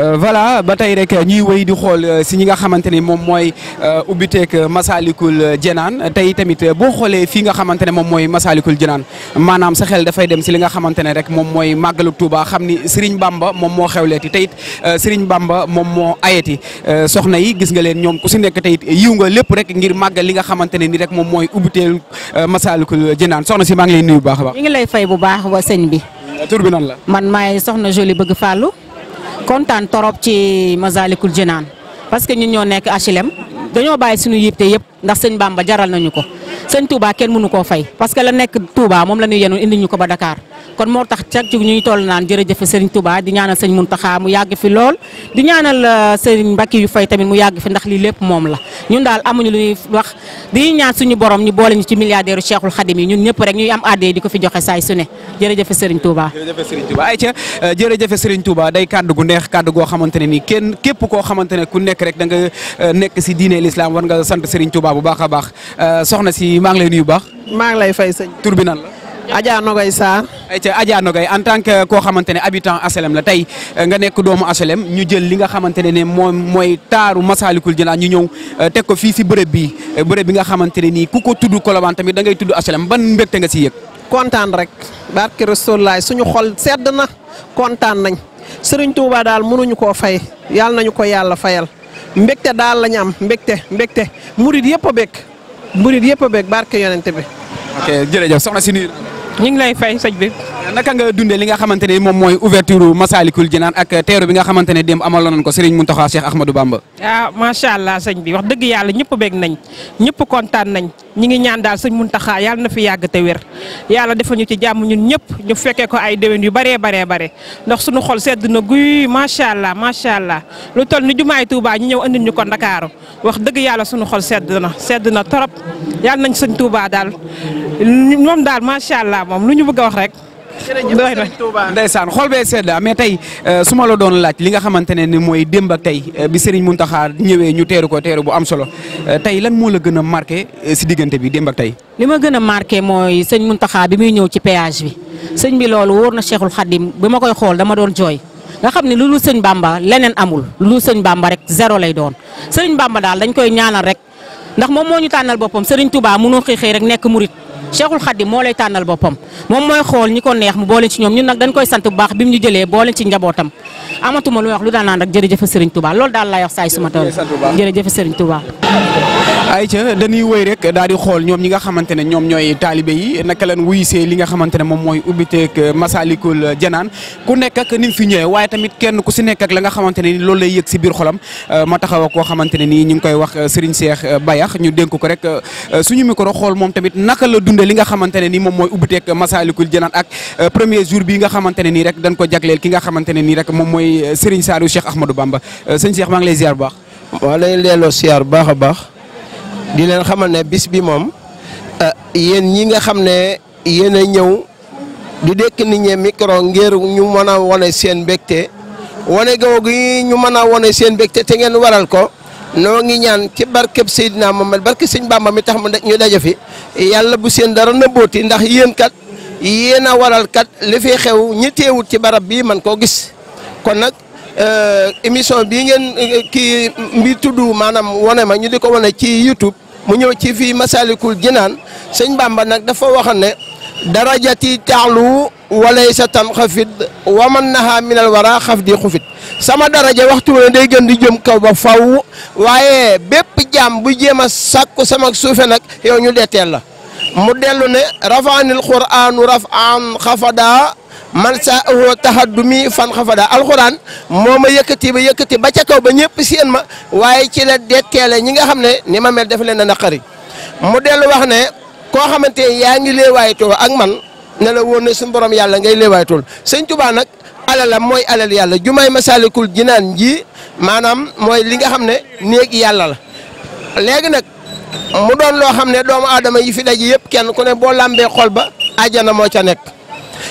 Euh, voilà ba tey rek ñuy wéy di xool euh, si ñi nga xamante ni moom mooy euh, ubbiteeg Masaalikul janaan tey tamit boo xoolee fii nga xamante ne moom mooy Masaalikul Jinaan maanaam sa xel dafay dem si li nga xamante ne rek moom mooy màggalu Touba xam ni Serigne Bamba moom moo xewleeti tey it mbamba moom moo ayeti soxna yi gis nga leen ñoom ku si nekk tey it yiw nga lépp rek ngir màggal li nga xamante ne ni rek moom mooy ubbiteel Masaalikul Jinaan soxna si maa ngi lay nuyu bu baax ba baax. lay fay bu baax wa sëñ bi. tur la. man maay soxna kontaan torop ci Masalikul Jinaan parce que ñu ñoo nekk HLM dañoo bàyyi suñu yitte yëpp ndax sëñ ba jaral nañu ko sëñ Touba kenn mënu koo fay parce que la nekk Touba moom la ñuy yenoon indi ñu ko ba dakaar kon moo tax cag ci ñuy toll naan jërëjëfe sëñ Touba di ñaanal sëñ mu yàgg fi lool di ñaanal euh, sëñ Mbacke yu fay tamit mu yàgg fi ndax lii lépp moom la ñun daal amuñu lu ñuy wax di ñaan suñu borom ñu boole ñu ci milliardaire Cheikhul Khadim yi ñun ñëpp rek ñuy am addee di ko fi joxe saay su ne jërëjëfe sëriñ Touba jërëjëfe sëriñ Touba ayca euh, jërëjëfe sëriñ Touba day kàddu gu neex kàddu goo xamante ne nii kenn képp koo xamante ne ku nekk rek da nga euh, nekk si diine l'islam war nga sant sëriñ Touba combat bu baax a baax euh, soxna si maa ngi lay nuyu baax. maa ngi lay fay sëñ tur bi la. Adja Nogay Sarr. ayca Adja Nogay en tant que koo xamante ne a HLM la tey euh, nga nekk doomu HLM ñu jël li nga xamante ne ne moom mooy taaru Massalikul Jinaan ñu ñëw euh, teg ko fii si bërëb bi bërëb bi nga xamante ne nii ku ko tudd Colobane tamit da ngay tudd HLM ban mbégte nga si yëg. kontaan rek barke Rasulullaay suñu xol sedd na kontaan nañ Serigne Touba daal mënuñu koo fay yàlla nañu ko yàlla fayal. mbégte daal lañu am mbégte mbégte murit yëpp a bég murit yëpp a bég barke yonente bi ok ñu ngi lay fay sëñ bi. naka nga dundee li nga xamante ne moom mooy ouverture Massalikul Jinaan ak teeru bi nga xamante ne démb amaloon nañ ko Serigne Mountakha Cheikh Ahmadou Bamba. ah macha allah sëñ bi wax dëgg yàlla ñëpp bég nañ ñëpp kontaan nañ ñi ngi ñaan daal sëñ Mountakha yàlla na fi yàgg te wér yàlla defal ñu ci jàmm ñun ñëpp ñu fekkee ko ay déwén yu baree baree bare ndax suñu xol sedd na guy macha allah macha allah lu toll ni jumaay Touba ñu ñëw andil ñu ko Ndakaaru wax dëgg yàlla suñu xol sedd na sedd na torop yàlla nañ sëñ Touba daal moom daal macha allah moom lu ñu bëgg a wax rek. ndeysaan xol bee sedd mais tey euh, su ma la doon laaj li nga xamante ne ni mooy démb ak tey euh, bi Serigne Mountakha ñëwee ñu teeru ko teeru bu am solo euh, tey lan moo la gën a marqué si diggante bi démb tey. li ma gën a marqué mooy sëñ Mountakha bi muy ñëw ci péage bi sëñ bi loolu wóor na Cheikhul Khadim bi ma koy xool dama doon jooy nga xam ne lu sëñ Bamba leneen amul lu dul sëñ rek zéro lay doon sëñ Bamba daal dañ koy ñaanal rek ndax moom moo ñu tànnal boppam Serigne Touba mënoo xëy xëy rek nekk murit Cheikhul Khadim moo lay tànnal boppam moom mooy xool ñi ko neex mu boole ci ñoom ñun nag dañ koy sant bu baax bi mu ñu jëlee boole ci njabootam amatuma lu wax lu daan naan rek jërëjëf Serigne tubaa loolu daal laay wax saay suma tool jërëjëf Serigne Touba ay ayca dañuy wëy rek daal di xool ñoom ñi nga xamante ne ñoom ñooy taalibe yi naka lan wuyisee li nga xamante ne moom mooy ubbiteeg Masalikul Janaan ku nekk ak ni mu fi waaye tamit kenn ku si nekk ak la nga xamante ni loolu lay yëg si biir xolam euh, ma taxaw koo xamante ne nii ñu ngi koy wax euh, Serigne Cheikh euh, Bayax ñu dénk ko rek suñu micro xool moom tamit naka la dundee li nga xamante ne ni moom mooy ubbiteeg Masalikul Janaan ak premier jour bi nga xamante ne nii rek dañ ko jagleel ki nga xamante ne nii rek moom mooy Serigne Saliou Cheikh Ahmadou Bamba sëñ Cheikh maa ngi lay ziar bu baax. waaw lay leeloo siyaar baax a baax di leen xamal ne bis bi moom eh, yéen ñi nga xam ne yéen a ñëw di dekk ni ñi micro ngir ñu mën a wane seen mbégte wane googu yi ñu mën a wane seen mbégte te ngeen waral ko noo ngi ñaan ci barkeb Seydina Muhammad barke Sëñ Bàmba mi tax mu ñu daje fi yàlla bu seen dara nëbbooti ndax yéen kat yéen a waral kat li fi xew ñi teewut ci barab bi man koo gis kon nag. Euh, émission bii ngeen euh, kii mbi tudd maanaam wane ma ñu di ko wane ci YouTube mu ñëw ci fii Masalikul Jinaan mbaam Bamba nag dafa waxoon ne darajati taalu walay sa tam xafid wa man naha minal wara xaf di xufit sama daraja waxtu ne day gën di jëm kaw ba faw waaye bépp jaam bu jéem a sàkku sama suufe nag yow ñu detteel la mu dellu ne rafaanil quranu rafan xafada man saa woo taxadumi fan xafada alxuraan moo ma yëkkati ba yëkkati ba ca kaw ba ñëpp seen ma waaye ci la dekkeele ñi nga xam ne ni ma mel def leen a naqari mu dellu wax ne koo xamante yaa ngi léewaaytoo ak man ne la woon ne suñu borom yàlla ngay léewaaytool sëñ Tuubaa nag alalam mooy alal yàlla jumaay Masaalikul Jinaan ji maanaam mooy li nga xam ne néeg yàlla la léegi nag mu doon loo xam ne doomu aadama yi fi daje yëpp kenn ku ne boo lambee xol ba àjjana moo ca nekk.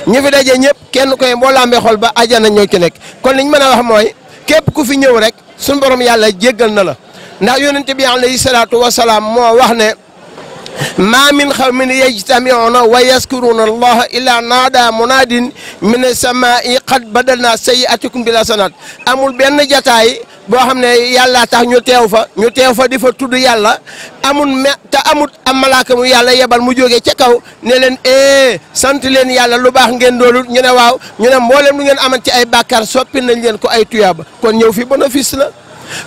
ñi fi daje ñëpp kenn koy boo lambee xol ba aljana ñoo ci nek kon liñ mëna wax moy képp ku fi ñëw rek sun borom yàlla jéggal na la ndax yoonent bi alayhi salaatu wasalaam mo wax ne ما من xawmin يجتمعون ويذكرون الله الا نادى مناد من السماء قد بدلنا سيئاتكم بلا bil امول amul جتاي boo xam ne yàlla tax ñu teew fa ñu teew fa di fa tudd yàlla amul me te amut am malaaka mu yàlla yebal mu jóge ca kaw ne leen eh sant leen yàlla lu baax ngeen doolul ñu ne waaw ñu ne mboolem lu ngeen amat ci ay bàkkaar soppi nañ leen ko ay tuyaaba kon ñëw fi bénéfice na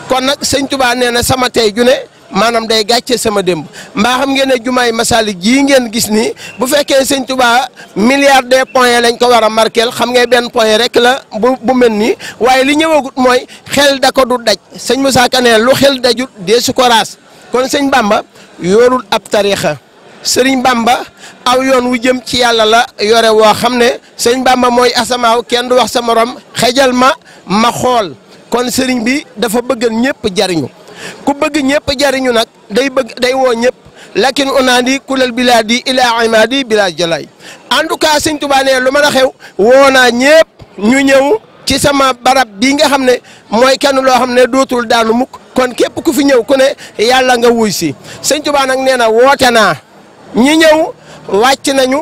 kon nag sëñ Tuubaa nee na sama tey ju ne maanaam day gàccee sama démb mbaa xam ngeen ne yi Masalik jii ngeen gis ni bu fekkee sëñ Tuubaa milliard de points lañ ko war a marqué xam ngay benn point rek la bu mel nii waaye li ñëwagut mooy xel da ko du daj sëñ Moussa Kane lu xel dajut dee su ko raas kon sëñ Bamba yorul ab tariixa sëriñ Bamba aw yoon wu jëm ci yàlla la yore woo xam ne sëñ Bamba mooy asamaaw kenn du wax sa moroom xejal ma ma xool kon sëriñ bi dafa bëggal ñëpp jariñu ku bëgg ñëpp jariñu nag day bëgg day woo ñëpp lakin unaandi kulal bilaadi ilaa di bilaa jalaay en tout cas sëñ Tuubaa nee lu man a xew woo naa ñëpp ñu ñëw ci sama barab bii nga xam ne mooy kenn loo xam ne dootul daanu mukk kon képp ku fi ñëw ku ne yàlla nga wuy si sëñ nag nee na woote naa ñi ñëw wàcc nañu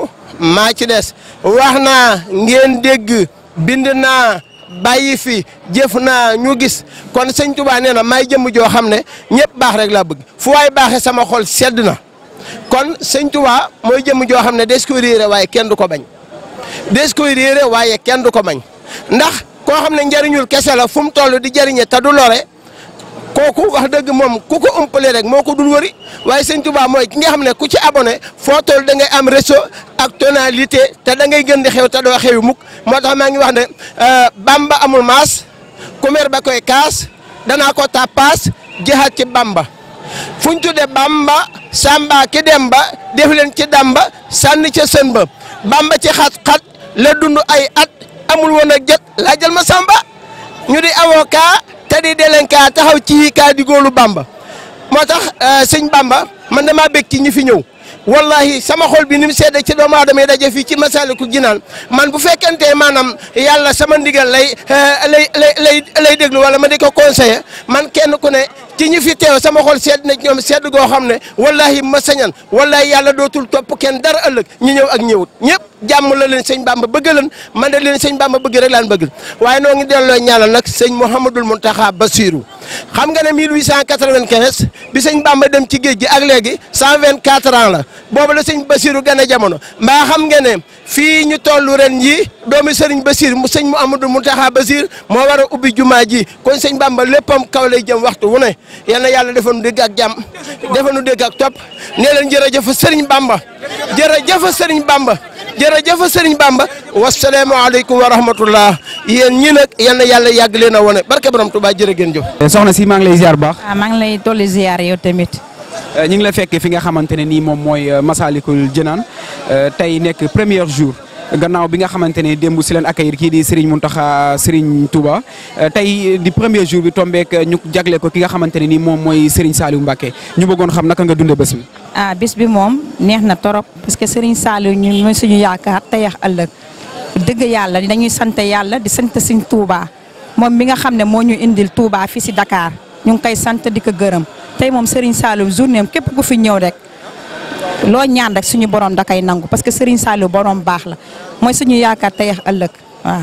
maa ci des wax na ngeen dégg bind na bàyyi fi jëf na ñu gis kon sëñ Tuubaa nee na may jëmm joo xam ne ñëpp baax rek laa bëgg fu waay baaxee sama xol sedd na kon sëñ Tuubaa mooy jëmm joo xam ne des koy réere waaye kenn du ko bañ des koy réere waaye kenn du ko bañ ndax koo xam ne njariñul kese la fu mu toll di jariñe te du lore kooku wax dëgg moom ku ko umpale rek moo ko dul wëri waaye sëñ Tuubaa mooy ki nga xam ne ku ci abonné foo toll da ngay am réseau ak tonalité te da ngay gën di xew te doo xewi mukk moo tax maa ngi wax ne euh, Bamba amul maas ku mer ba koy kaas danaa ko tappaas jeexaat ci Bamba fu ñu tuddee Bamba Samba ki dem ba def leen ci damba sànni ca sën ba Bamba ci xat-xat la dund ay at amul woon a jot laajal ma Samba ñu di avocat. te di délinquant taxaw ci kàddigoolu Bamba moo tax euh, sëñ Bamba man damaa bëgg ci ñi fi ñëw wallahi sama xol bi ni mu seede ci doomu aadama yi daje fii ci Masaalikul Jinaan man bu fekkente maanaam yàlla sama ndigal lay euh, lay lay lay déglu wala ma di ko conseiller man kenn ku ne ci ñi fi teew sama xol sedd na ñoom sedd goo xam ne wallahi ma sañan wallahi yàlla dootul topp kenn dara ëllëg ñi ñëw ak ñëwut ñëpp jàmm la leen sëñ Bamba bëgg leen man de leen sëñ Bamba bëgg rek laan bëgg waaye noo ngi delloo ñaanal nag sëñ Mouhamadul Mountakha Bassirou xam nga ne 1895 bi sëñ Bamba dem ci géej gi ak léegi quatre ans la boobu la sëñ Basiru gën jamono mbaa xam nga ne fii ñu tollu ren ji doomi sëriñ Basir mu sëñ mu Muntaxa Basir moo war ubbi juma ji ko sëñ Bamba léppam kaw lay jam waxtu wu ne yal yàlla defa nu dégg ak jàmm defa nu dégg ak topp nee leen jërëjëf sëriñ Bamba jërëjëf sëriñ Bamba jërëjëf Serigne Bamba wasalaamaaleykum wa rahmatullah yéen ñi nag yal na yàlla yàgg leen a wane barke borom Tuubaa jërë ngeen jëf. Eh, soxna si maa ngi lay ziar bu baax. waaw ah, maa ngi lay tolli ziar yow tamit. Eh, ñu ngi la fekkee fi nga xamante ne nii moom mooy eh, Masalikul Jinaan tey nekk premier jour. gannaaw bi nga xamante ne démb si leen accueillir kii di Serigne Mountakha Serigne Touba euh, tey di premier jour bi tombeek euh, ñu jagle ko ki nga xamante ne ni moom mooy Serigne Saliou Mbacké ñu bëggoon xam naka nga dundee bés bi. ah bés bi moom neex na torop parce que Serigne Saliou ñun mooy suñu yaakaar tey ak dëgg yàlla dañuy sant yàlla di sant Serigne Touba moom mi nga xam ne moo ñu indil Touba fii si dakaar ñu ngi koy sant di ko gërëm tey moom Serigne Saliou journée képp ku fi ñëw rek. loo ñaan rek suñu borom da koy nangu parce que Serigne Saliou borom baax la mooy suñu yaakaar tey ak ëllëg waaw.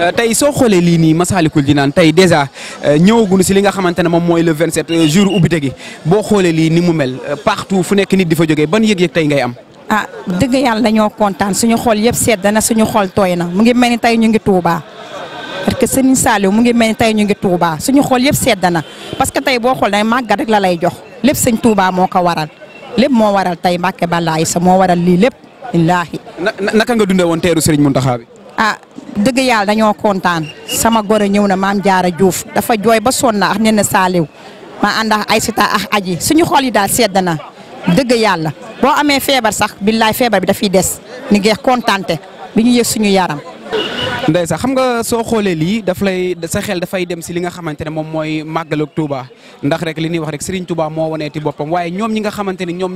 Euh, tey soo xoolee lii nii Masaalikul Jinaan tey dèjà euh, ñëwaguñu si li nga xamante ne moom mooy le 27 euh, jour ubbite gi boo xoolee lii ni mu mel partout fu nekk nit di fa jogee ban yëg-yëg tey ngay am. ah dëgg yàlla dañoo kontaan suñu xool yëpp sedd na suñu xol tooy na mu ngi mel ni tey ñu ngi Touba parce que Serigne Saliou mu ngi mel ni tey ñu ngi Touba suñu xol yëpp sedd na parce que tey boo xool day màggat la lay jox lépp sëñ Touba moo ko waral. lépp moo waral tey Mbacke Balla Aïssa moo waral lii lépp illaahi. naka nga dundee woon teeru mu Mountakha bi. ah dëgg yàlla dañoo kontaan sama goro ñëw na maam a Diouf dafa jooy ba sonn ak nen saaliw ma ànd ay Aïssata ak aji suñu xol daal sedd na dëgg yàlla boo amee feebar sax billaay feebar bi dafiy des ni ngeex kontaante bi ñu yëg suñu yaram. ndeysaan xam nga soo xoolee lii daf lay sa xel dafay dem si li nga xamante ne moom mooy màggalug Touba li ñuy wax rek nga xamante ne ñoom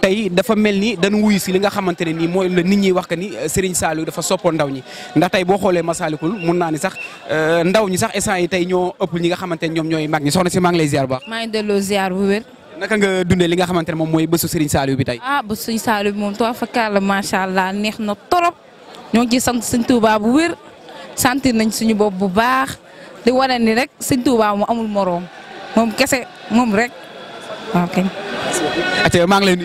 tey dafa mel ni dañu wuy si nga xamante ne nii mooy la nit ni euh, Serigne Saliou dafa soppoon ndaw ñi ndax tey boo xoolee Masalikul mun naa ni sax euh, ndaw ñi sax instant yi tey ñoo ëpp ñi nga ne ñoom ñooy mag ñi soxna si maa ngi lay ziar bu baax. maa ngi delloo ziar bu wér. nga dundee nga xamante moom mooy bésu Serigne bi tey. ah bésu Serigne Saliou bi moom tuwaa fa kàlla macha allah neex na torop ñoo ngi ciy sant sëñ Touba bu wér sentir nañ suñu bopp bu baax di wane ni rek sëñ Touba mu amul moroom moom kese moom rek waaw kañ. maa ngi lay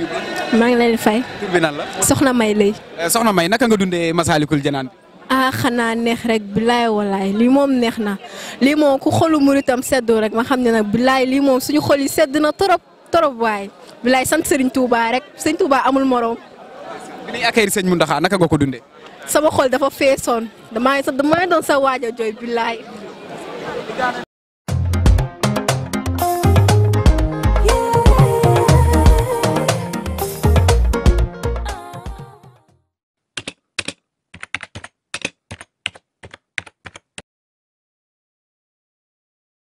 maa ngi lay fay. tur bi nan la. Soxna May lay. Eh, Soxna May naka nga dundee Masaalikul Jinaan. ah xanaa neex rek bilaay walaay lii moom neex na lii moom ku xolu itam seddoo rek ma xam ne nag bilaay lii moom suñu xol yi sedd na torop torop waay bilaay sant Serigne Touba rek Serigne Touba amul moroom. bi ñuy accueillir Serigne Mountakha naka nga ko dundee. sama xol dafa feesoon damaa doon sa waaj a jooy billaay